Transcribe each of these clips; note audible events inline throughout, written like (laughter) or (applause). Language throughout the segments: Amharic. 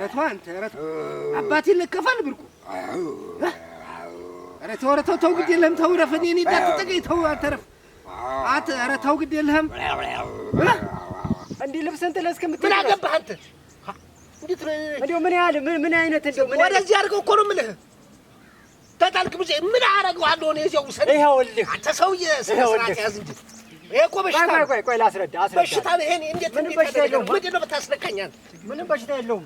ኧረ ተው አንተ ኧረ ተው አባቴን ልከፋል ብርቁ ኧረ ተው ኧረ ተው ተው ግድ የለህም ተው እረፍ እኔ እኔ እንዳትጠቀኝ ተው አንተ እረፍ ኧረ ተው ግድ የለህም እንዲህ ልብስህን ጥለህ እስከምትሄድ ምን አገባህ አንተ እንደው ምን ያህል ምን አይነት እንደው ምን ወደዚህ አድርገው እኮ ነው የምልህ ተጣልክ ብቻ ምን አደርገዋለሁ እኔ እዚያው ውሰድ ይኸውልህ አንተ ሰውዬ ስነ ስርዓት ያዝ እንጂ ይሄ እኮ በሽታ ቆይ ቆይ ቆይ ላስረዳ በሽታ ይሄን እንዴት ምንም በሽታ የለውም ምንድን ነው ብታስነካኝ ምንም በሽታ የለውም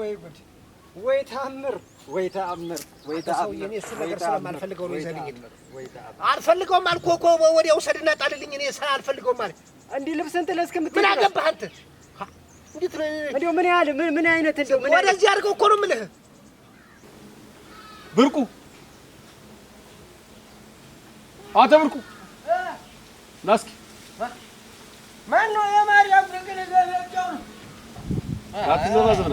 ወይ ጉድ! ወይ ተአምር! ወይ ተአምር! ወይ ተአምር! እኔ እሱ ነገር ስለማልፈልገው ነው ይዘልኝ አልፈልገውም አልኩህ እኮ ወዲያው ውሰድና ጣልልኝ። እኔ ስራ አልፈልገውም ማለት እንዲህ ልብስን ጥለህ እስከምትሄድ ምን አገባህ አንተ? እንዴት ምን ያህል ምን አይነት እንደው ምን ወደዚህ አድርገው እኮ ነው የምልህ ብርቁ አንተ ብርቁ ና እስኪ ማነው የማርያም ብርቅ ልዘለጫው ነው አትዘባዘብ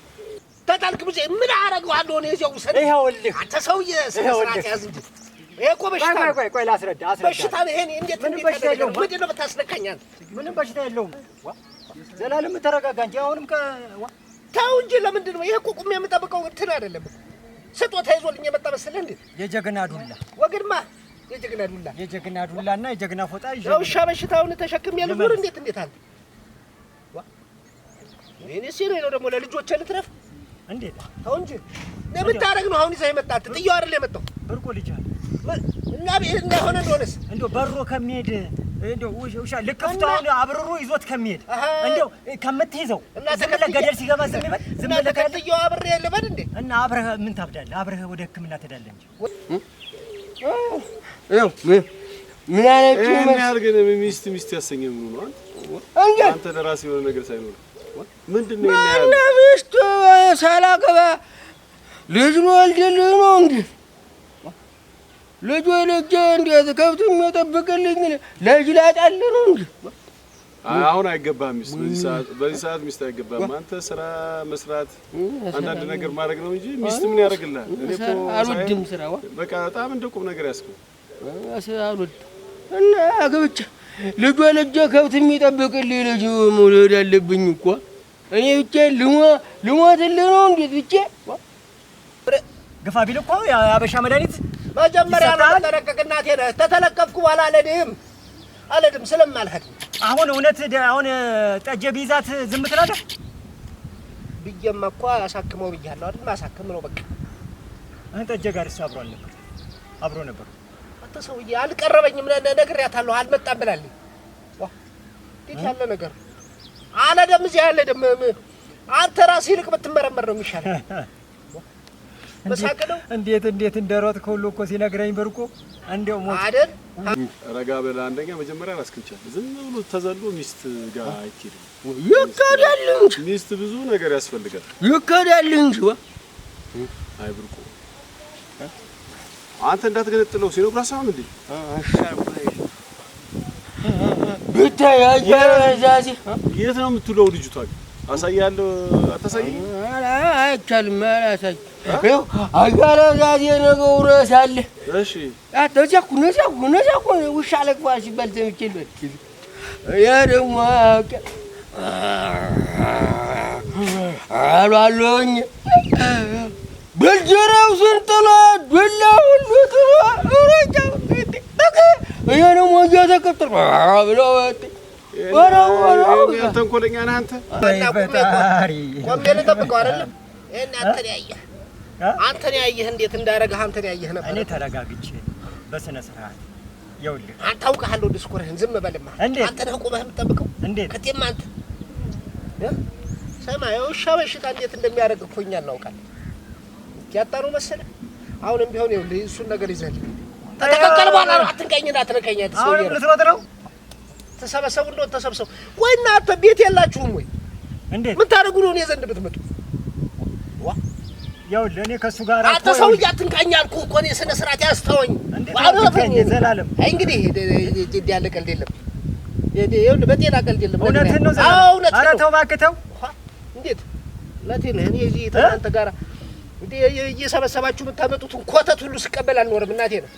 በጣልክ ብዙ ምን አደርገዋለሁ እኔ እዚያው ውሰድ። ይኸውልህ አንተ ሰውዬ ስነ ስርዓት ያዝ እንጂ ይሄ እኮ በሽታ ነው። ቆይ ቆይ ላስረዳ አስረዳ። በሽታ ነው ይሄን እንዴት ምን በሽታ የለውም። ምንድን ነው የምታስነካኛል? ምንም በሽታ የለውም። ዘላለም ተረጋጋ እንጂ አሁንም ተው እንጂ። ለምንድን ነው ይሄ እኮ ቁሜ የምጠብቀው እንትን አይደለም ስጦታ ይዞልኝ የመጣ መሰለህ እንዴ? የጀግና ዱላ ወግድማ የጀግና ዱላ የጀግና ዱላ እና የጀግና ፎጣ ይዤ ውሻ በሽታውን ተሸክሜ ልኑር። እንዴት እንዴት አለ ወይኔ ሲሪ ነው ደግሞ ለልጆቼ ልትረፍ እንዴት ተው እንጂ ነው። አሁን ይዘህ የመጣት ጥዬው አይደል የመጣው በርጎ ልጅ አለ እና ቤት እንዳይሆነ እንደሆነስ እንደው በሮ ከሚሄድ ውሻ ልቅፍቱ አሁን አብርሮ ይዞት ከሚሄድ እንደው ከምትይዘው ዝም ብለህ ገደል ሲገባ ዝም ይበል ዝም ብለህ ጥዬው አብሬ ልበል እንዴ እና አብረህ ምን ታብዳለህ? አብረህ ወደ ሕክምና ትሄዳለህ እንጂ ምን አለችው? ምን ያህል ግን ሚስት ሚስት ምኑ ነው አንተ ለራስህ የሆነ ነገር ባልና ሚስት ሳላገባ ልጅ ወልድልህ ነው እንዲ ልጅ ወልጄ እንዴት ከብት የሚጠብቅልኝ ልጅ ላጣልህ ነው እንዲ አሁን አይገባም። ሚስት በዚህ ሰዓት ሚስት አይገባም። አንተ ስራ መስራት፣ አንዳንድ ነገር ማድረግ ነው እንጂ ሚስት ምን ያደርግልሃል? አልወድም ስራ በቃ በጣም እንደ ቁም ነገር ያስከው አልወድም እና ግብቻ ልጅ ወልጄ ከብት የሚጠብቅልኝ ልጅ መውለድ አለብኝ እኮ እኔ ብቻ ልሞትልህ ነው እንዴት? ብቻ ግፋ ቢል እኮ የአበሻ መድኃኒት መጀመሪያ ነው ተለቀቅ። እናቴ ነህ ተተለቀፍኩ በኋላ አልሄድም አልሄድም ስለማልሄድ አሁን እውነት አሁን ጠጀ ቢይዛት ዝም ትላለህ? ብዬማ እኮ አሳክመው ብያለሁ አይደል? ማሳክም ነው በቃ። አሁን ጠጀ ጋር እሱ አብሮ አልነበር አብሮ ነበር። አንተ ሰውዬ አልቀረበኝም፣ ነግሬያታለሁ አልመጣም ብላለች። እንዴት ያለ ነገር አለ ደም እዚህ ያለ ደም አንተ ራስህ ይልቅ ብትመረመር ነው የሚሻለው። መሳቅለው (laughs) እንዴት እንዴት እንደሮጥክ ሁሉ እኮ ሲነግረኝ ብርቁ እንደው ሞት አይደል ረጋ በላ። አንደኛ መጀመሪያ ራስክልቻል ዝም ብሎ ተዘሎ ሚስት ጋር አይኬድም። ይከዳል እንጂ ሚስት ብዙ ነገር ያስፈልጋል። ይከዳል እንጂ አይ ብርቁ አንተ እንዳትገነጥለው ሲኖ ብራሳም እንዴ አሻ የት ነው የምትውለው ልጅቷ? አሳያለሁ። አታሳይኝ? አይቻልም። አጋለዛዜ ነገው ረስ አለ። እሺ ውሻ ለቅፏል ሲባል እኔ ደግሞ እዚያ ተቀጥር ብሎ ተንኮለኛ ነህ አንተ። አንተን ያየህ እንዴት እንዳረገህ አንተን ያየህ ነበር። እኔ ተረጋግቼ በስነ ስርዓት ይኸውልህ፣ አንተ አውቅሃለሁ ድስኩርህን ዝም በልማ። አንተ ነህ ቁመህ የምጠብቀው ከቴም አንተ ስማ፣ የውሻ በሽታ እንዴት እንደሚያደርግ እኮ እኛ እናውቃለን። ያጣ ነው መሰለህ። አሁንም ቢሆን ይኸውልህ እሱን ነገር ይዘህልኝ ተተከከል በኋላ አትንቀኝና አትነቀኝ። አሁን ልትሮጥ ነው። ተሰበሰቡ እንደው ተሰብሰቡ። ወይ እናንተ ቤት የላችሁም ወይ? እንዴት ምን ታደርጉ ነው? እኔ ዘንድ ብትመጡ ያው ለእኔ ከእሱ ጋር አንተ ሰውዬ አትንቀኝ አልኩህ እኮ እኔ ስነ ስርዓት ያስተወኝ። ዘላለም እንግዲህ ያለ ቀልድ የለም። ይኸውልህ በጤና ቀልድ የለም። እውነትህን ነው ዘላለም። ኧረ ተው እባክህ ተው። እንዴት እውነቴን እኔ እዚህ ተናንተ ጋር እየሰበሰባችሁ የምታመጡትን ኮተት ሁሉ ስቀበል አልኖርም። እናቴ ነው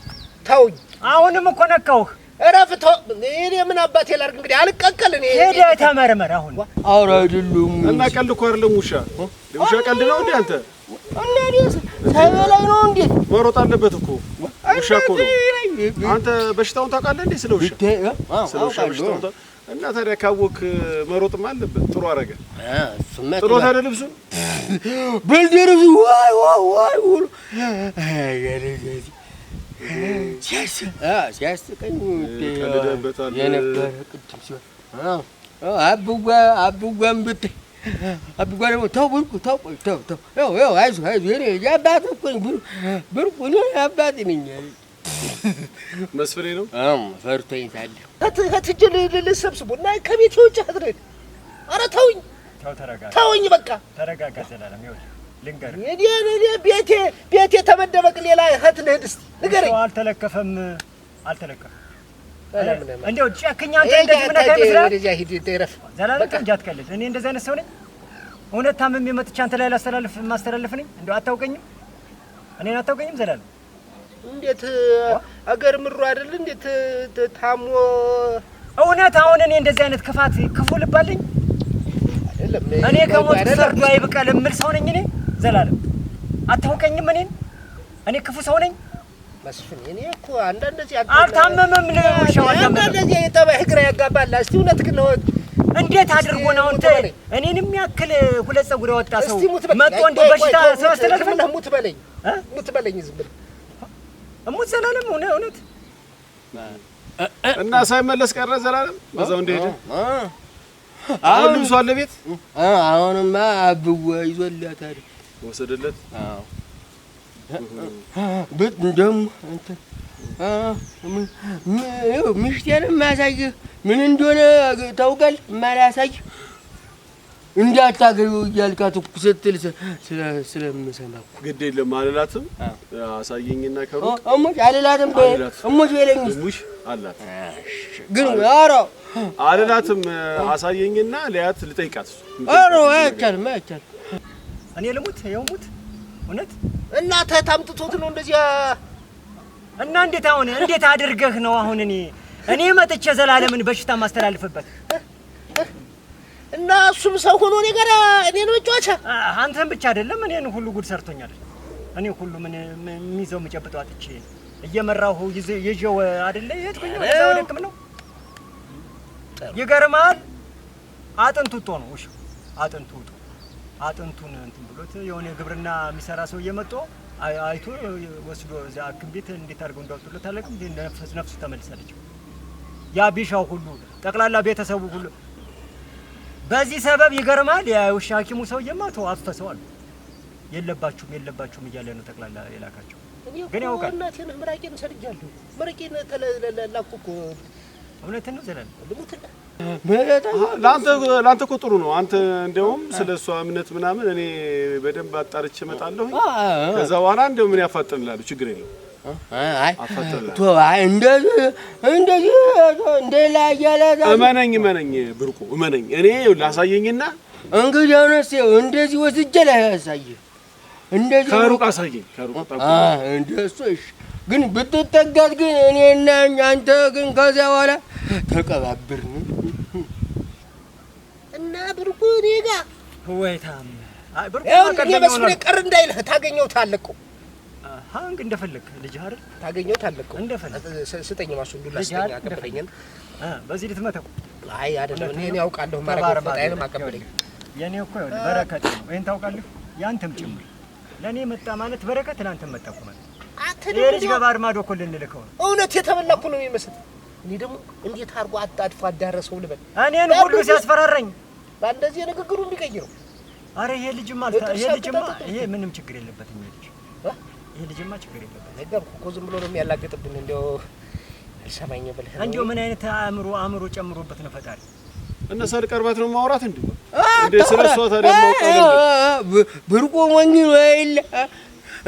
ተውኝ። አሁንም እኮ ነካውህ። እረፍቶ እኔ ምን አባቴ ላድርግ እንግዲህ አልቀቀል። እኔ ሄደህ ተመርመር። አሁን አውራ አይደሉም እና ቀልድ እኮ አይደለም። ውሻ ውሻ ቀልድ ነው እንዴ? አንተ እንዴት ሳይበላኝ ነው እንዴ? መሮጥ አለበት እኮ ውሻ እኮ ነው። አንተ በሽታውን ታውቃለህ እንዴ? ስለ ውሻ ስለ ውሻ በሽታውን እና ታዲያ ካወክ መሮጥም አለበት። ጥሩ አደረገ። ጥሩ ታዲያ ልብሱ በልደረሱ ዋይ ዋይ ዋይ ሲያስቀኝ የነበረ ቅድም ሲሆን አብጓን ብታይ አብጓ ደግሞ ተው ብርቁ ተው ተው ተው አይዞህ አይዞህ እኔ አባት እኮ ብርቁ እኔ አባት ነኝ መስፍኔ ነው ፈርቶኝ ታለ ከትጀ ልሰብስቡ እና ከቤት ኧረ ተውኝ ተውኝ በቃ ተረጋጋ ዘላለም ይኸውልህ ልንገርህ ቤቴ ቤቴ ተመደበቅ ሌላ እህት ልሂድ እስኪ ንገረኝ። አልተለከፈም አልተለከፈም። እንደው ጨክኛ አንተ እንደዚህ አትቀልድ። እኔ እንደዚህ አይነት ሰው ነኝ። እውነት ታምሜ መጥቼ አንተ ላይ ላስተላልፍ የማስተላልፍ ነኝ። እንደው አታውቀኝም፣ እኔን አታውቀኝም ዘላለም እንዴት አገር ምሩ አይደል? እንዴት ታሞ እውነት አሁን እኔ እንደዚህ አይነት ክፋት ክፉ ልባለኝ እኔ ከሞት ሰርዶ አይብቀል የምል ሰው ነኝ እኔ ዘላለም አታውቀኝም። እኔን እኔ ክፉ ሰው ነኝ መስፍን። እኔ እኮ አንዳንድ እዚህ አልታመመም ነው ሻው አንዳንድ እዚህ የጠባይ ግራ ያጋባል። እስቲ እውነት ግን ነው እንዴት አድርጎ ነው አንተ እኔን የሚያክል ሁለት ጸጉር ያወጣ ሰው መጥቶ እንደ በሽታ ሰበስተለፍ ነው። ሙት በለኝ ሙት በለኝ ዝም ብለህ እሙት ዘላለም ሆነ እውነት እና ሳይመለስ ቀረ ዘላለም በዛው እንደሄደ አሁን ልብሷ አለ ቤት አሁንማ አብወ ይዞላታል። ወሰደለት። አዎ ደግሞ ምሽቴን ምን እንደሆነ ታውቃል። የማላያሳይህ እንዳታገቢው እያልካት ስትል ስለምሰማ እኮ ግድ የለም አልላትም። አሳየኝና ከሩቅ እሙሽ አልላትም እሙሽ በለኝ እሙሽ አላት። ግን ኧረ አልላትም አሳየኝና ልጠይቃት። ኧረ አይቻልም አይቻልም እኔ ልሙት ይኸው ሙት። እውነት እናትህ ታምጥቶት ነው እንደዚህ እና እንዴት አሁን እንዴት አድርገህ ነው አሁን እኔ እኔ መጥቼ ዘላለምን በሽታ ማስተላልፍበት እና እሱም ሰው ሆኖ እኔ ጋር እኔን መጫወቻ። አንተን ብቻ አይደለም እኔን ሁሉ ጉድ ሰርቶኛል። እኔ ሁሉ ምን የሚይዘው የምጨብጠው አጥቼ እየመራሁ ይዤው አይደለ የትኩኝ ደክም ነው ይገርማል። አጥንቱ ጦ ነው አጥንቱ ጦ አጥንቱን እንትን ብሎት የሆነ ግብርና የሚሰራ ሰው እየመጦ አይቶ ወስዶ እዛ ሐኪም ቤት እንዴት አድርገው እንዳወጡለት አለቅም ነፍሱ ተመልሳለች። ያ ቢሻው ሁሉ ጠቅላላ ቤተሰቡ ሁሉ በዚህ ሰበብ ይገርማል። የውሻ ሐኪሙ ሰው እየማቶ አፈሰው አሉ። የለባችሁም የለባችሁም እያለ ነው ጠቅላላ የላካቸው። ግን ያውቃል እናቴን ምራቄን ሰድጃለሁ። ምራቄን ተለላኩ እኮ እውነትን ነው ዘላለም ለአንተ እኮ ጥሩ ነው። አንተ እንደውም ስለ እሷ እምነት ምናምን እኔ በደንብ አጣርቼ እመጣለሁ። ከዛ በኋላ እንደው ምን ያፋጥንላሉ፣ ችግር የለው እመነኝ እመነኝ ብርቁ እመነኝ። እኔ ላሳየኝና እንግዲህ አሁንስ እንደዚህ ወስጄ ላይ ያሳየህ እንደዚህ ከሩቅ አሳየኝ ከሩቅ እንደሱ ግን ብትጠጋት ግን እኔና አንተ ግን ከዚያ በኋላ ተቀባብርን እና ብርቁ እኔ ጋር ወይ ታም አይ ቀር እንዳይልህ ታገኘውታለህ እኮ ሀንግ እንደፈለግ ልጅ አይደል ታገኘውታለህ እኮ እንደፈለግ ስጠኝ ማሱ ሁሉ ላስጠኝ አቀበለኝን በዚህ ልትመተው አይ አይደለም እኔ ያውቃለሁ ማረግ አቀበለኝ የኔ እኮ ይኸውልህ በረከት ነው ይሄን ታውቃለህ ያንተም ጭምር ለእኔ መጣ ማለት በረከት ለአንተም መጣ እኮ ማለት ይሄ ልጅ ከባህር ማዶ እኮ ልንልከው ነው እውነት የተበላ ነው የሚመስል እኔ ደግሞ እንዴት አድርጎ አጣድፎ አዳረሰው ልበል እኔን ሁሉ ሲያስፈራረኝ በእንደዚህ ንግግሩ እንዲቀይረው። አረ ይሄ ልጅማ ይሄ ልጅማ ይሄ ምንም ችግር የለበትም። ይሄ ልጅ ይሄ ልጅማ ችግር የለበትም። ነገርኩህ እኮ ዝም ብሎ ነው የሚያላግጥብን። እንደው አልሰማኝ ብለህ እንዲያው ምን አይነት አእምሮ አእምሮ ጨምሮበት ነው ፈጣሪ። እነሱ ቀርበት ነው ማውራት እንዴ? እንዴ ስለሷ ታዲያ ማውቃለሁ ብርቆ ወንጌል ወይ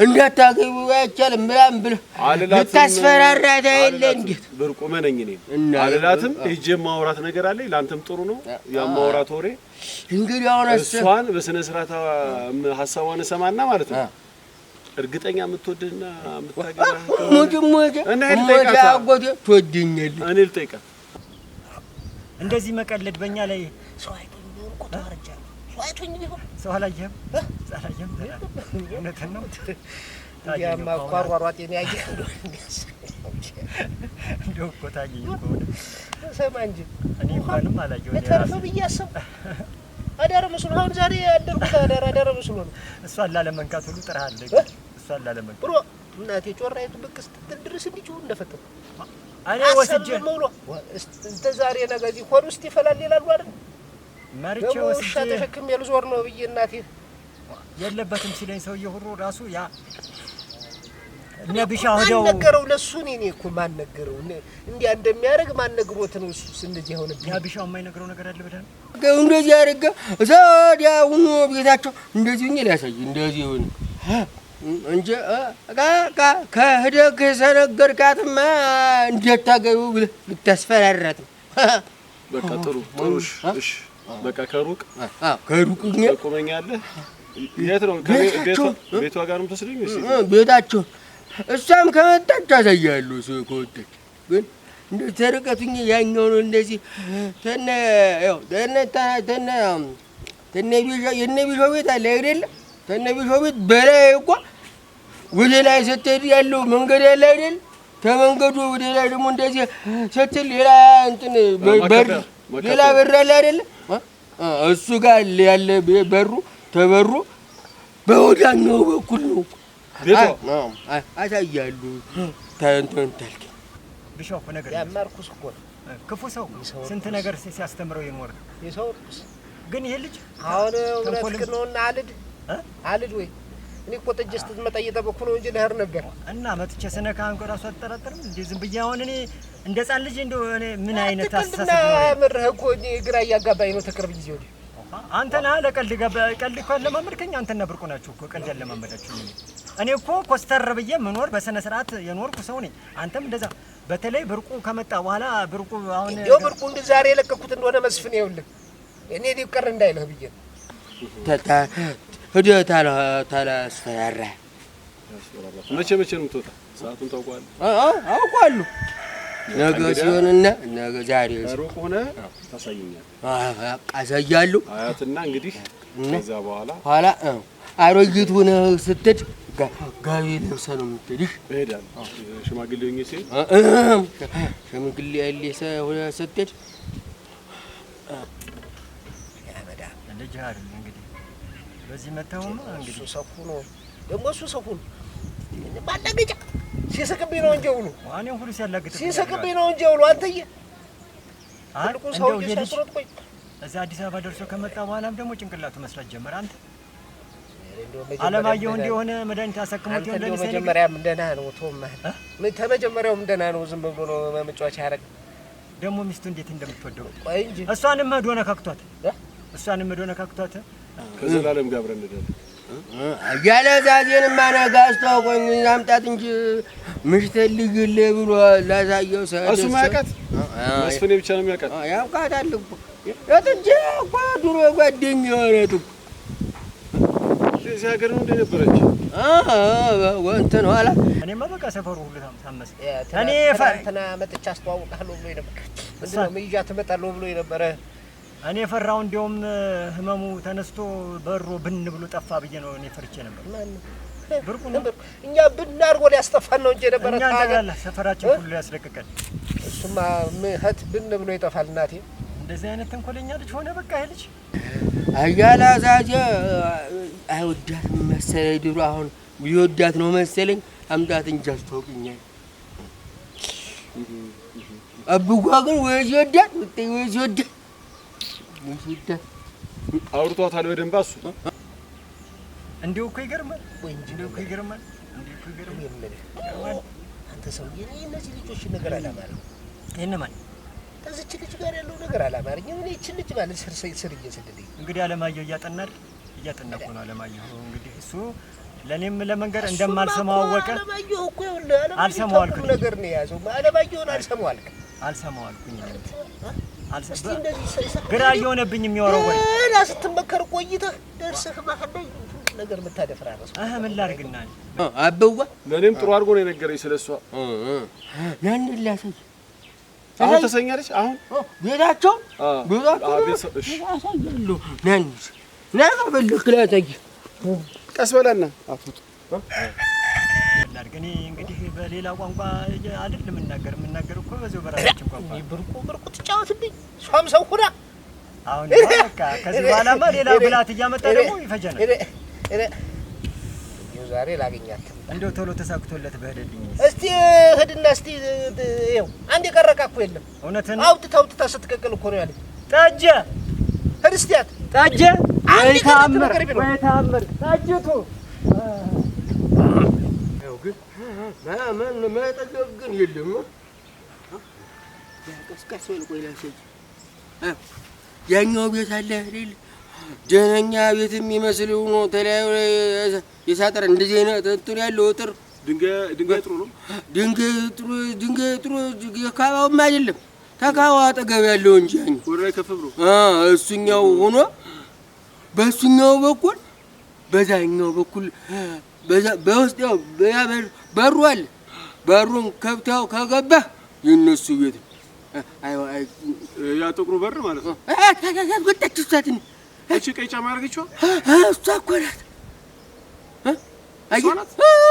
እንዳታገቢ አይቻልም ምናምን ብለህ ልታስፈራራት አይደለ? እንዴት ብርቁመ ነኝ እኔ አልላትም። ሂጅ የማውራት ነገር አለኝ። ለአንተም ጥሩ ነው የማውራት ወሬ። እንግዲህ አሁን እሷን በስነ ስርዓት ሀሳቧን እሰማና ማለት ነው እርግጠኛ የምትወድህና ትወድኛለህ። እኔ ልጠይቃት እንደዚህ መቀለድ በእኛ ላይ ሰው አይገኝ ቁጣ ረጃ አይቶኝ ቢሆን ሰው አላየህም? አላየህም? እውነትህን ነው። ያማ እኮ አሯሯጤን እንደው እኮ ታየኝ እኮ ስማ እንጂ እኔ እንኳንም አላየሁም። ተርፍ ብዬ አሰብኩ። መስሎ አሁን ዛሬ ያደርኩት አዳር አዳር መስሎ ነው። እሷን ላለመንካት ሁሉ ጥረሃል። እሷን ላለመንካት ብሎ እናቴ ጮራይቱ ብቅ ስትል ድረስ እንዲሁ እንደፈጠሩ እኔ ወስጄ እስከ ዛሬ ነገ እዚህ ሆድ ውስጥ ይፈላል ይላሉ አይደል መርቼ ውሻ ነው ብዬ እናቴ የለበትም ሲለኝ ሰውዬ ሁሉ ራሱ ያ ነብሻ ሆደው ነገረው። ለሱ እኮ ማን ነገረው እንዲያ እንደሚያደርግ ማን ነግሮት ነው? እሱ ነብሻው የማይነግረው ነገር አለ እንደዚህ ያደርገ ዘዲያ ቤታቸው እንደዚህ ሁኝ ሊያሳይ እንደዚህ ሁን እንጂ ከሰነገርካትማ እንዴት ብለህ ልታስፈራራት ነው። በቃ ጥሩ ጥሩ እሺ እሺ በቃ ከሩቅ ከሩቅ የት ነው ቤቷ ጋር ቤታቸው እሷም ከመጣች ታሳያለሁ። ሰው ከወጣች ግን እንደ ተርቀቱኝ ያኛው ነው እንደዚህ ተነ ያው ተነ ተነ ተነ ቢሾ የነ ቢሾ ቤት አለ አይደለ? ተነ ቢሾ ቤት በላይ እኮ ወደ ላይ ስትሄድ ያለው መንገድ ያለ አይደል? ከመንገዱ ወደ ላይ ደግሞ እንደዚህ ስትል ሌላ እንትን በር ሌላ በር አለ አይደለም። እሱ ጋር ያለ በሩ ተበሩ በወዲያኛው በኩል ነው። አሳያሉ ታንተን ታልክ ብሻው እኮ ነገር ያማርኩስ እኮ ክፉ ሰው ስንት ነገር ሲያስተምረው ይኖር የሰው ግን ይሄ ልጅ አሁን እውነት ነውና አልድ አልድ ወይ እኔ እኮ ጥጄ ስትመጣ እየጠበኩ ነው እንጂ ልሄድ ነበር እና መጥቼ ስነካ አንቆ ራሱ አትጠራጠርም እንዴ? ዝም ብዬ አሁን እኔ እንደ ጻን ልጅ እንደ እኔ ምን አይነት አስተሳሰብ ነው? ምርህ እኮ ግራ እያጋባኝ ነው ተቅርብ ጊዜ ወዲህ አንተ ነህ ለቀልድ ቀልድ እኮ ያለማመድከኝ አንተና ብርቁ ናችሁ እኮ ቀልድ ያለማመዳችሁ። እኔ እኮ ኮስተር ብዬ ምኖር በስነ ስርዓት የኖርኩ ሰው ነኝ። አንተም እንደዛ። በተለይ ብርቁ ከመጣ በኋላ ብርቁ አሁን ይኸው ብርቁ እንደ ዛሬ የለቀኩት እንደሆነ መስፍን ይኸውልህ፣ እኔ ሊቀር እንዳይልህ ብዬ ሂደ ተለስተያራ መቼ መቼ ነው የምትወጣ? ሰዓቱን ታውቀዋለህ? አውቀዋለሁ። ነገ ሲሆንና ነገ ዛሬ ሩቅ ሆነ ታሳይኛለህ። አሳያለሁ። አያትና እንግዲህ ከዛ በኋላ ኋላ አሮጊት ሆነህ ስትሄድ ጋቢ ለብሰህ ነው የምትሄድሽ። እሄዳለሁ። ሽማግሌ ሆኜ ስሄድ ሽማግሌ ያለ ስትሄድ በዚህ መታውማ እንግዲህ እሱ ሰኩ ነው ደግሞ እሱ ሰኩ ነው ማላገጫ ሲስቅብኝ ነው እንጂ ውሉ እኔ ሁሉ ሲያላግጥ ሲስቅብኝ ነው እንጂ ውሉ አንተዬ ትልቁ ሰውዬ ሲያስሮጥ ቆይ እዚህ አዲስ አበባ ደርሶ ከመጣ በኋላም ደግሞ ጭንቅላቱ መስራት ጀመረ። አንተ አለማየሁ እንደሆነ መድኃኒት አሳክሞት ይሆን ለኔ መጀመሪያም እንደና ነው ቶማ ተመጀመሪያውም እንደና ነው ዝም ብሎ ነው መጫወቻ ያረግ ደግሞ ሚስቱ እንዴት እንደምትወደው እሷንም መዶነ ካክቷት እሷንም መዶነ ካክቷት ከዘላለም ጋር አብረን እንሄዳለን እያለ ዛዜንማ ነጋስቶ ቆይ አምጣት እንጂ ምሽትልግልህ ብሎ ላሳየው እሱ ማያውቃት መስፍኔ ብቻ ነው የሚያውቃት። ያውቃታል እኮ የጥንቼ እኮ ድሮ ጓደኛዬ ሆነት እኮ እዚህ ሀገር ነው እንደነበረች እንትን ኋላ እኔማ በቃ ሰፈሩ ሁሉ ታመሰ። እኔ እንትና መጥቼ አስተዋውቃለሁ ብሎኝ ነበር። ምንድን ነው መይዣ ትመጣለሁ ብሎኝ ነበረ እኔ ፈራው እንዲያውም ህመሙ ተነስቶ በሮ ብን ብሎ ጠፋ ብዬ ነው እኔ ፈርቼ ነበር። ብርቁ ነበር። እኛ ብን አድርጎ ሊያስጠፋን ነው እንጂ የነበረ እኛ እንደጋለ ሰፈራችን ሁሉ ያስለቅቀን። እሱማ ምህት ብን ብሎ ይጠፋል። እናቴ እንደዚህ አይነት ተንኮለኛ ልጅ ሆነ። በቃ ይሄ ልጅ አያላ ዛጀ አይወዳት መሰለኝ። ድሮ አሁን ይወዳት ነው መሰለኝ። አምጣት እንጂ አስታውቅኛል። አብጓ ግን ወይ ይወዳት ወይ ይወዳት አውርቷታል በደንብ እሱ እንዲሁ እኮ ይገርማል። ወይ እንዲሁ እኮ ይገርማል። እንዲሁ እኮ ይገርማል። አንተ ሰውዬ እነዚህ ልጆች ነገር አላማረኝም። ከዚች ልጅ ጋር ያለው ነገር አላማረኝም። እኔ ይህችን ልጅ ማለት ስር ስር እየሰደደኝ እንግዲህ አለማየሁ እያጠና እያጠና እኮ ነው አለማየሁ። እንግዲህ እሱ ለእኔም ለመንገር እንደማልሰማው አወቀ። አለማየሁ እኮ ይኸውልህ፣ አለማየሁ ነገር ነው የያዘው። አለማየሁን አልሰማው አልክ፣ አልሰማው አልኩኝ ግራ እየሆነብኝ የሚወረው ወይ እና ስትመከር ቆይተህ ደርሰህ መሀል ነገር የምታደፍራ ነው። ምን ላድርግና አበዋ ለእኔም ጥሩ አድርጎ ነው የነገረኝ ስለ እሷ። ያን ላሳይ አሁን ተሰኛለች። አሁን ቤታቸው ቤታቸው ና ና ላሳይ ቀስ በላና አፍቱ ላድርግ? እኔ እንግዲህ በሌላ ቋንቋ አይደል የምናገር የምናገር እኮ በዚሁ በራሳችን ቋንቋ ብርቁ ብርቁ ትጫወትብኝ እሷም ሰው ሁና አሁን በቃ ከዚህ በኋላማ ሌላ ብላት እያመጣ ደግሞ ይፈጀናል። ዛሬ ላገኛት እንደው ቶሎ ተሳክቶለት በህደልኝ። እስቲ ህድና እስቲ ይኸው አንድ የቀረቃ እኮ የለም። እውነትን አውጥታ አውጥታ ስትቀቅል እኮ ነው ያለኝ። ጠጀ ህድ እስቲያት ጠጀ ወይ ታምር ወይ ታምር ጠጅቱ ነው ግን ማመን መጠገብ ግን የለም። ቀስቀስ በል ቆይ ላሳይህ። ያኛው ቤት አለ አይደል? ደህነኛ ቤት የሚመስል ሆኖ ተለያዩ የሳጠር እንደዚህ አይነት እንትን ያለው እጥር ድንጋይ ጥሩ ነው። ድንጋይ ጥሩ ድንጋይ ጥሩ የካባውም አይደለም ተካባው አጠገብ ያለው እንጂ ያኛው ወደ ከፍ ብሎ እሱኛው ሆኖ በእሱኛው በኩል በዛኛው በኩል በውስጥ ያው በሩ አለ። በሩን ከብታው ከገባ የእነሱ ቤት ያ ጥቁሩ በር ማለት ነው። ወጣች ሳት እቺ ቀይ ጫማ አድርገችዋ እሷ እኮ ናት።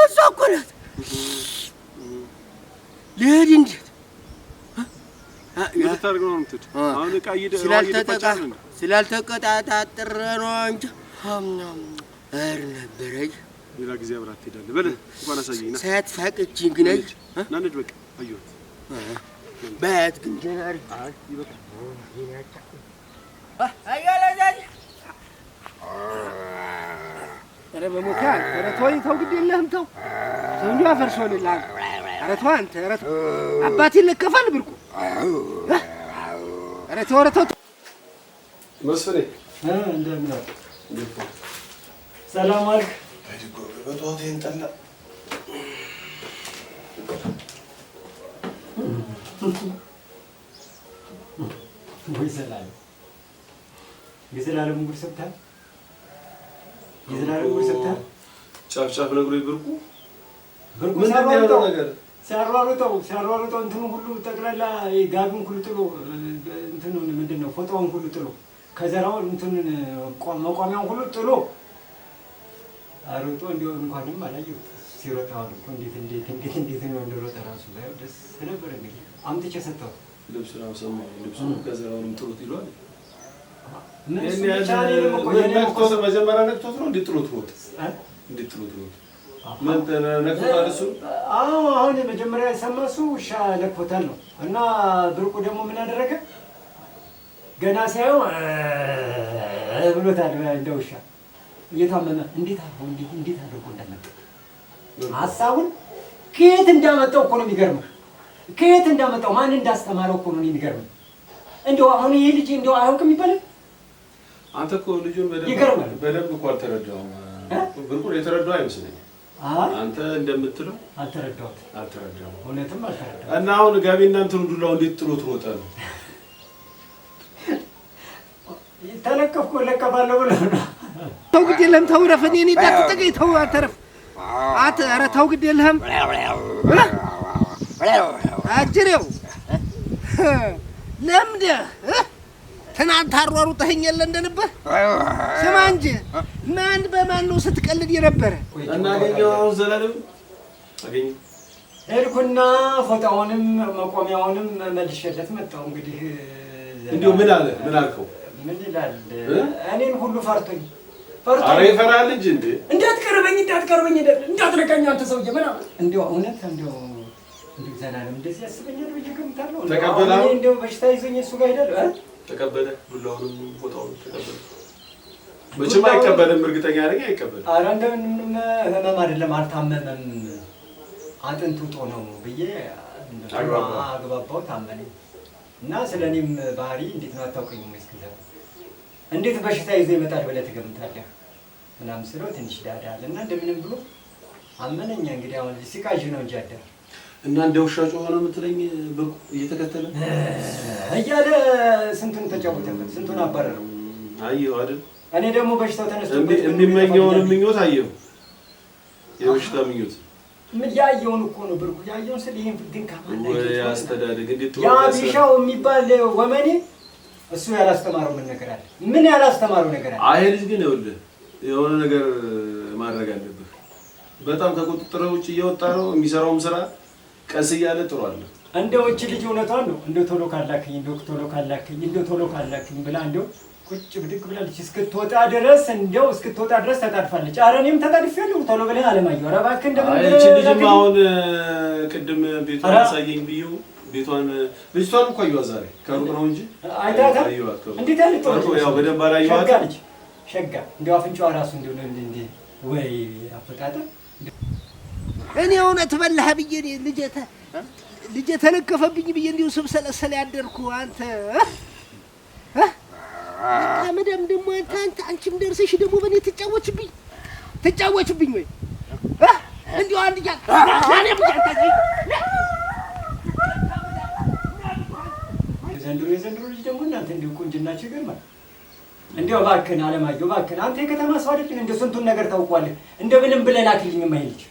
እሷ እኮ ናት። ልሄድ እንዴት ስላልተቀጣጣጥረ ነው እንጂ ነበረኝ ሌላ ጊዜ አብራት ትሄዳለህ። በል እንኳን አሳየኝ። ና ሳትሳቅ እቺን ግን አይ በቃ አየሁት በት ግን ጀናሪ ይበቃል። ኧረ በሞኪያ ኧረ ተወኝ፣ ተው ግድ የለህም ተው። ዘንዱ አፈርሶልሃል። ኧረ ተው አንተ ኧረ ተው አባቴን ለከፋል ብርቁ። ኧረ ተው ኧረ ተው መስፍኔ። እንደምን ሰላም አልክ? እጦቴን ጠላ ወይ ዘላለም የዘላለም ጉድ ሰብታል። የዘላለም ጉድ ሰብታል። ጫፍ ጫፍ ነግሮኝ ብርቁ ብርቁ ነገር ሲያሯሩጠው ሲያሯሩጠው እንትኑ ሁሉ ጠቅላላ ጋቢውን ሁሉ ጥሎ እንትኑን ምንድን ነው ፎጣውን ሁሉ ጥሎ ከዘራውን እንትኑን መቋሚያውን ሁሉ ጥሎ አሮጦ እንዲሁ እንኳንም አላየሁት ሲሮጥ አሉ እንዴት እንዴት እንዴት እንዴት ነው እንደሮጠ ራሱ ላይ ደስ ነበር። እንግዲህ አምጥቼ ሰጠሁት ልብስ ነው ሰማ ልብሱ ከዘራውንም ጥሩት ይሏል። መጀመሪያ ነክቶት ነው እንዲጥሩት ሮጥ እንዲጥሩት ሮጥ አሁን መጀመሪያ የሰማ እሱ ውሻ ለክፎታል ነው እና ብርቁ ደግሞ ምን አደረገ ገና ሲያየው ብሎታል እንደ ውሻ እየታመመ እንዴት አድርጎ እንዲሁ እንዴት አድርጎ እንደነበር ሀሳቡን ከየት እንዳመጣው እኮ ነው የሚገርመው። ከየት እንዳመጣው ማን እንዳስተማረው እኮ ነው የሚገርመው። እንደው አሁን ይሄ ልጅ እንደው አያውቅም ይባላል። አንተ እኮ ልጁን በደንብ እኮ አልተረዳውም። ብርቁን የተረዳው አይመስለኝም። አንተ እንደምትለው አልተረዳሁት አልተረዳሁም፣ እውነትም አልተረዳሁም። እና አሁን ጋቢ ነው ዱላው እንዴት ጥሎት ሮጠ ነው ተለከፍኩ ለከፋለሁ ብለህ ነው ተው ግድ የለህም ተው ረፍ እኔ እኔ ዳክጠቀኝ ተው አተረፍ ኧረ ተው ግድ የለህም አጅሬው ለምደህ ትናንት አሯሩጠኸኝ የለ እንደነበር ስማ እንጂ ማን በማን ነው ስትቀልድ የነበረ? እናገኘው አሁን አገኘ ሄድኩና ፎጣውንም መቆሚያውንም መልሼለት መጣሁ። እንግዲህ እንዲሁ ምን አለ ምን አልከው? ምን ይላል እኔን ሁሉ ፈርቶኝ ኧረ ይፈራል እንጂ እንዴ! እንዳትቀርበኝ እንዳትቀርበኝ እንዳትነካኝ አንተ ሰውዬ ምናምን። እንደው እውነት እንደው ዘላለም እንደዚህ ያስበኛል ብዬ እገምታለሁ። ተቀበለ። እንደው በሽታ ይዞኝ እሱ ጋር ሄዳለሁ። ተቀበለ። ዱላውንም ቦታውን ተቀበለ። መቼም አይቀበልም፣ እርግጠኛ ነኝ አይቀበልም። ኧረ እንደምንም ህመም አይደለም አልታመመም፣ አጥንት ውጦ ነው ብዬ አግባባው ታመነኝ እና ስለ እኔም ባህሪ እንዴት ነው አታውቀኝም እስከ እንዴት በሽታ ይዞ ይመጣል ብለህ ትገምታለህ? ምናምን ስለው ትንሽ ዳዳል አለ እና እንደምንም ብሎ አመነኛ። እንግዲህ አሁን ሲቃዥ ነው እንጂ አደረ እና እንደ ውሻ ጮኸ ነው የምትለኝ? ብቁ እየተከተለ እያለ ስንቱን ተጫወተበት፣ ስንቱን አባረረው። አየሁ አይደል? እኔ ደግሞ በሽታው ተነስቶ የሚመኘውን ምኞት አየሁ። የበሽታ ምኞት ምን ያየውን እኮ ነው ብርኩ፣ ያየውን ስል ይሄን ድንካማ ያስተዳደግ ያ ቢሻው የሚባል ወመኔ እሱ ያላስተማረው ምን ነገር አለ? ምን ያላስተማረው ነገር አለ? አይ ልጅ ግን ይኸውልህ የሆነ ነገር ማድረግ አለብህ። በጣም ከቁጥጥር ውጭ እየወጣ ነው የሚሰራውም ስራ ቀስ እያለ ጥሩ አለ። እንደው እቺ ልጅ እውነቷን ነው። እንደው ቶሎ ካላከኝ እንደው ቶሎ ካላከኝ እንደው ቶሎ ካላከኝ ብላ እንደው ቁጭ ብድቅ ብላለች። እስክትወጣ ድረስ እንደው እስክትወጣ ድረስ ተጣድፋለች። ኧረ እኔም ተጣድፌያለሁ። ቶሎ ብለህ አለማየሁ፣ ኧረ እባክህ እንደምን እቺ ልጅም አሁን ቅድም ቤቱ አሳየኝ ብዬው ቤቷን ልጅቷን እንኳን ይዋ ዛሬ ከሩቅ ነው እንጂ አይታታ እኔ እውነት በላህ ብዬ ልጄ ልጄ ብዬ እንዲሁ ስብሰለሰለ ያደርኩ አንተ ደግሞ አንተ አንተ አንቺም ደርሰሽ ደግሞ በእኔ ትጫወችብኝ ትጫወችብኝ ወይ እንዲሁ አንድ ያ ዘንድሮ የዘንድሮ ልጅ ደግሞ እናንተ እንዲሁ ቁንጅናችሁ ይገርማል። እንዲያው እባክህን አለማየሁ እባክህን አንተ የከተማ ሰው አይደለህ? እንደ ስንቱን ነገር ታውቋለህ። እንደ ብልን ብለን አክልኝ የማይልች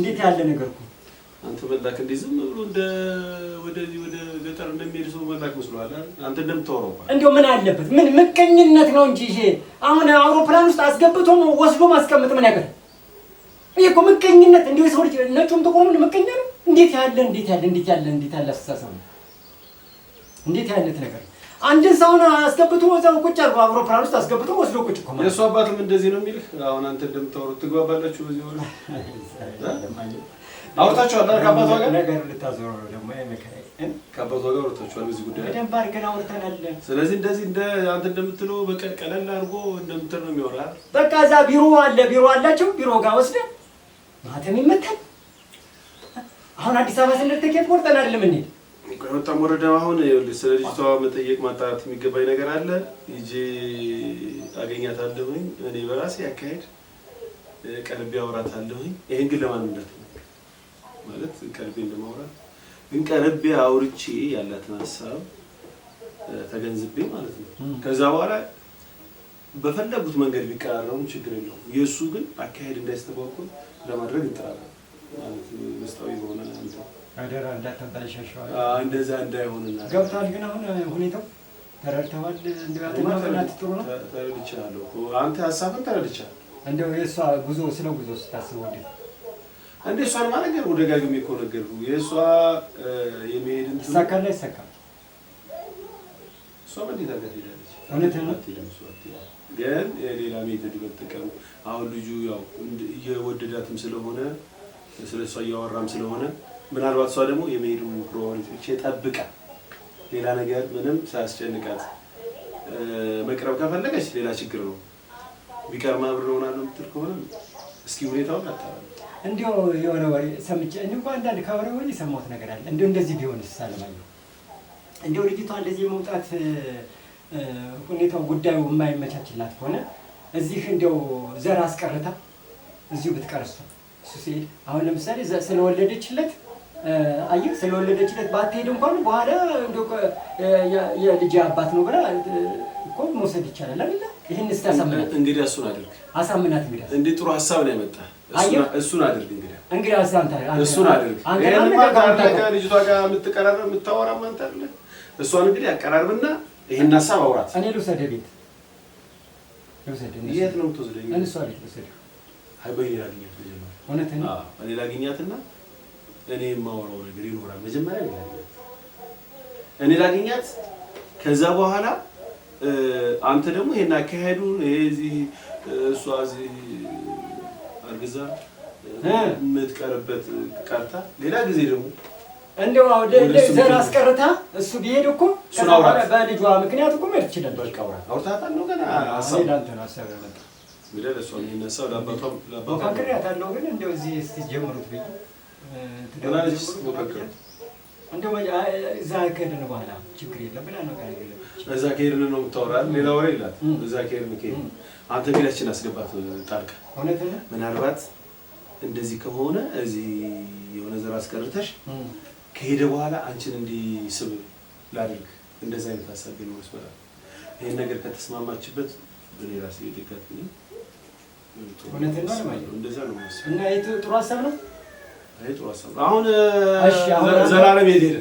እንዴት ያለ ነገር እኮ አንተ መላክ እንዴ ዝም ብሎ እንደ ወደዚህ ወደ ገጠር እንደሚሄድ ሰው መላክ መስሎሃል። አንተ እንደምታወራው እንዴው ምን አለበት? ምን ምቀኝነት ነው እንጂ ይሄ አሁን አውሮፕላን ውስጥ አስገብቶ ወስዶ ማስቀመጥ ምን ያገር? ይሄ እኮ ምቀኝነት እንዴው ሰው ልጅ ነጩም ጥቁሩም ምቀኛ ነው። እንዴት ያለ እንዴት ያለ እንዴት ያለ እንዴት ያለ አስተሳሰብ ነው። እንዴት አይነት ነገር አንድን ሰውን አስገብቶ እዛው ቁጭ አድርጎ አውሮፕላን ውስጥ አስገብቶ ወስዶ ቁጭ እኮ ማለት የእሱ አባትም እንደዚህ ነው የሚልህ። አሁን አንተ እንደምታወሩት ትግባባላችሁ። በዚህ ወር አውርታችኋል ከአባቷ ጋር ነገር ልታዞረ ደግሞ ከአባቷ ጋር አውርታችኋል በዚህ ጉዳይ በደንብ አድርገን አውርተናል። ስለዚህ እንደዚህ እንደ አንተ እንደምትለው በቀል ቀለል አድርጎ እንደምትል ነው የሚወራ። በቃ እዛ ቢሮ አለ ቢሮ አላቸው ቢሮ ጋር ወስደ ማተም ይመታል። አሁን አዲስ አበባ ስንደርስ ተኬት ቆርጠን አይደለም እንሄድ በጣም ወረዳ አሁን ስለ ልጅቷ መጠየቅ ማጣራት የሚገባኝ ነገር አለ። ይዤ አገኛታለሁኝ። እኔ በራሴ ያካሄድ ቀርቤ አውራታለሁኝ። ይሄን ግን ለማንም እንዳትነግር ማለት ቀርቤ እንደማውራት ግን ቀርቤ አውርቼ ያላትን ሀሳብ ተገንዝቤ ማለት ነው። ከዛ በኋላ በፈለጉት መንገድ ቢቀራረቡም ችግር የለውም። የእሱ ግን አካሄድ እንዳይስተጓጎል ለማድረግ እንጥራለን ማለት መስጣዊ የሆነ አደራ እንዳታበላሻሸው። እንደዛ እንዳይሆንና ገብቶሃል። ግን አሁን ሁኔታው ተረድተዋል። እንደናት ጥሩ ነው። ተረድቻለሁ። አንተ ሀሳብን ተረድቻለሁ። እንደው የእሷ ጉዞ ስለ ጉዞ ስታስበው ወደ እንደ እሷን ማለት ገር ደጋግሜ እኮ ነገርኩህ። የእሷ የመሄድ እንትን ይሳካል አይሳካም። እሷ በእንዴት አድርጋ ትሄዳለች? እውነትህን ነው። ግን ሌላ ሜትድ መጠቀም አሁን ልጁ ያው እየወደዳትም ስለሆነ ስለ እሷ እያወራም ስለሆነ ምናልባት እሷ ደግሞ የመሄዱ ፕሮባቢሊቲዎች ጠብቃ ሌላ ነገር ምንም ሳያስጨንቃት መቅረብ ከፈለገች ሌላ ችግር ነው። ቢቀር ብር ሆናለሁ የምትል ከሆነ እስኪ ሁኔታውን አታላለ እንዲሁ የሆነ ወሬ ሰምቼ እንኳ አንዳንድ ከወሬ ወሬ የሰማሁት ነገር አለ። እንዲሁ እንደዚህ ቢሆን ሳለማየሁ እንዲሁ ልጅቷ እንደዚህ መውጣት ሁኔታው ጉዳዩ የማይመቻችላት ከሆነ እዚህ እንዲያው ዘር አስቀርታ እዚሁ ብትቀርሱ እሱ ሲሄድ አሁን ለምሳሌ ስለወለደችለት አየህ ስለወለደችለት ባትሄድ እንኳን በኋላ የልጅ አባት ነው ብላ እኮ መውሰድ ይቻላል አይደለ? ይህን እስኪ አሳምናት እንግዲህ፣ እሱን አድርግ። አሳምናት እንግዲህ። እንዴ ጥሩ ሀሳብ ነው ያመጣ። እሱን አድርግ እንግዲህ እንግዲህ አሳምታ እሱን አድርግ። ልጅቷ ጋር የምትቀራረብ የምታወራ አንተ አለ። እሷን እንግዲህ አቀራርብና ይሄን ሀሳብ አውራት። እኔ ልውሰድ ቤት የት ነው የምትወስደኝ? እሷ ቤት ልውሰድ። አይ በይ ላግኛት መጀመሪያ። እውነትህን እኔ ላግኛትና እኔ የማወራው ነገር ይኖራል። መጀመሪያ እኔ ላገኛት እኔ ላገኛት ከዛ በኋላ አንተ ደግሞ ይሄን አካሄዱን እዚህ እሷ እዚህ አርግዛ የምትቀርበት ቀርታ ሌላ ጊዜ ደግሞ እንደው አውደ ዘር አስቀርታ እሱ ቢሄድ እኮ በልጇ ምክንያት እኮ መርች ነበር ቀውራ አውርታታ ነው ገና አሳብ አሳብ ነው ያመጣ ሀሳብ ለእሷም ይነሳው ለአባቷም ለአባቷም ምክንያት አለው ግን እንደው እዚህ እስኪ ጀምሩት ብዬ እዛ ከሄድን ነው። እዛ ከሄድን ነው የምታወራል፣ ሌላ ወሬ የላት። እዛ ከሄድን ከሄድን አንተ ቤታችን አስገባት ጣልቃ። ምናልባት እንደዚህ ከሆነ እዚህ የሆነ ዘር አስቀርተሽ ከሄደ በኋላ አንቺን እንዲስብ ላድርግ፣ እንደዚ አይነት ሀሳብ ቢኖር ይስበላል። ይህን ነገር ከተስማማችበት እኔ ራሴ ደጋት ነው። እውነት ነው። እንደዛ ነው እና ጥሩ ሀሳብ ነው። አሁን ዘላለም የት ሄደ?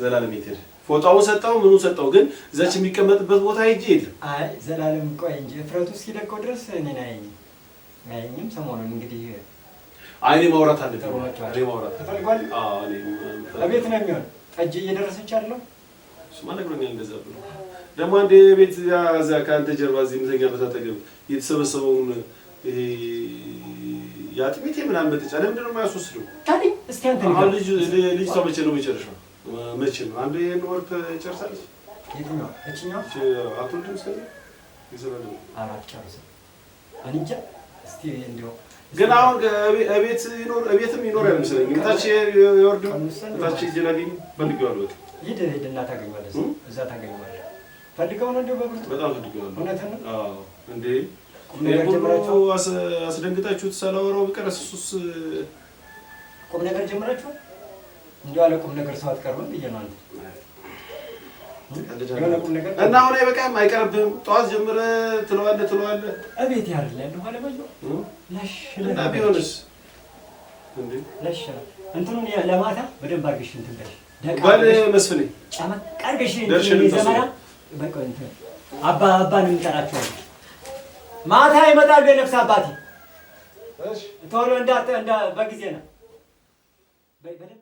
ዘላለም የት ሄደ? ፎጣውን ሰጠው ምኑ ሰጠው፣ ግን ዘች የሚቀመጥበት ቦታ ሂጅ የለም። አይ ዘላለም ቆይ እንጂ እፍረቱ እስኪለቀው ድረስ እኔን አየኝ አየኝም። ሰሞኑን እንግዲህ አይኔ ማውራት አለ እኔ ማውራት ተፈልጓል። ቤት ነው የሚሆን ጠጅ እየደረሰች አለው እሱማ ነግሮኛል። እንደዛ ብሎ ደግሞ አንድ ቤት ከአንተ ጀርባ እዚህ የምተኛበት አጠገብ የተሰበሰበውን የአጥሚቴ ምናምን መጠጫ ለምንድን ነው የማያስወስደው? እስኪ አንተ ልጅ ሰው መቼ ነው መጨረሻው? መቼ ነው አንዱ ይሄን ወር ጨርሳለች። ግን አሁን ይኖር እቤትም ይኖር አይመስለኝ። ታች ይወርዱ ታች እጄ ላገኝ ፈልጌዋለሁ። በቃ ሂድ ሂድና ታገኘዋለህ፣ እዛ ታገኘዋለህ። ፈልገው ነው እንደው በብርቱ በጣም ፈልጌዋለሁ። እውነትህን ነው እንዴ አስደንግጣችሁት ሳላወራው ብቀር እሱስ ቁም ነገር ጀምራችሁ እንዲያው አለ ቁም ነገር ሰው አትቀርብም ብዬ ነው። እና አሁን አይበቃም አይቀርብም። ጠዋት ጀምረ ትለዋለህ ትለዋለህ እቤት ያለ ቢሆንስ እንትኑን ለማታ በደንብ አድርገሽ እንትን በል ባል መስፍኔ ጫማ አድርገሽ ዘመና አባ ነው እንጠራቸዋለን ማታ ይመጣሉ። የነፍስ አባቴ ቶሎ እንዳ በጊዜ ነው።